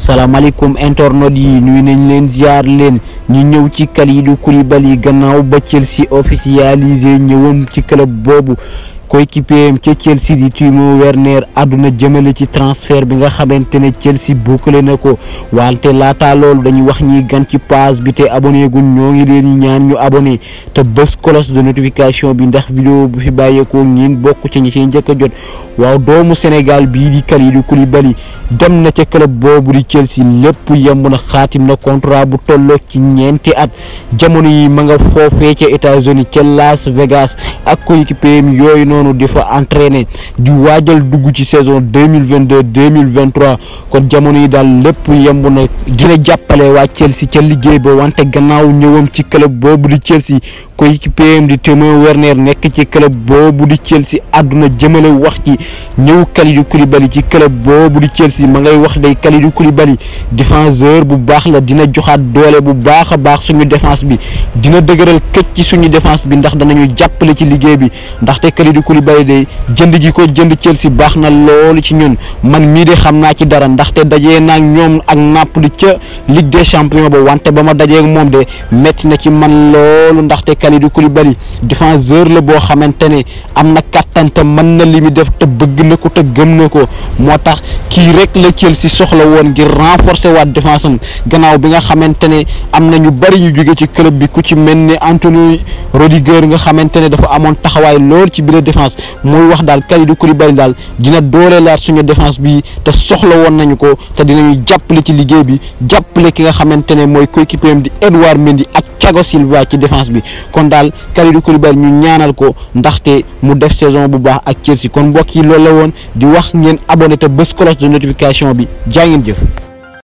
salaamaaleykum internautes yi nuyu nañ leen ziar leen ñu ñëw ci yi du Kalidou yi gannaaw ba Chelsea officialisé ñëwam ci club boobu coéquipier ca Chelsea di Timo Werner àdduna jëmale ci transfert bi nga xamante ne Chelsea bouclé na ko wante laata loolu dañuy wax ñi gan ci page bi te abonné ñoo ngi leen ñaan ñu abonné te bés cloche de notification bi ndax bu fi bàyyeekoo ngeen bokk ci ci njëkk a jot waaw doomu Sénégal bii di Kalidou Koulibaly dem na ca club boobu di Chelsea lépp yemb na xaatim na contrat bu tolloo ci ñeenti at jamono yi ma nga foofee ca États-Unis ca Las Vegas ak coéquipier yooyu noonu noonu di fa entraîner di waajal dugg ci saison deux mille vingt deux deux mille vingt kon jamono yi daal lépp yemb na dina jàppale waa Chelsea ca liggéey ba wante gannaaw ñëwam ci club boobu di Chelsea koy ci PM di Théophile Werner nekk ci club boobu di Chelsea àdduna jëmale wax ci ñëw Kalidou Koulibaly ci club boobu di Chelsea ma ngay wax day Kalidou Koulibaly défenseur bu baax la dina joxaat doole bu baax a baax suñu défense bi dina dëgëral këcc ci suñu défense bi ndax danañu jàppale ci liggéey bi ndaxte Kalidou Koulibaly day jënd gi ko jënd Chelsea baax na loolu ci ñun man mii de xam naa ci dara ndaxte daje naa ñoom ak li ca Ligue des Champions wante ba ma dajee moom de métti na Kalidou Koulibaly défenseur la boo xamante ne am na kattan te mën na li mu def te bëgg na ko te gëm na ko moo tax kii rek la si soxla woon ngir renforcer waat défense am gannaaw bi nga xamante ne am na ñu bëri ñu jóge ci club bi ku ci mel ne Antonio Rudiger nga xamante ne dafa amoon taxawaay lool ci biir défense mooy wax daal Kalidou Koulibaly daal dina dooleelaat suñu défense bi te soxla woon nañu ko te dinañu jàppale ci liggéey bi jàppale ki nga xamante ne mooy coéquipier am di Thiago Silva ci défense bi kon daal Kalidou Koulibaly ñu ñaanal ko ndaxte mu def saison bu baax ak Chelsea kon mbokk yi loolu la woon di wax ngeen abonné bés cloche de notification bi jaa ngeen jëf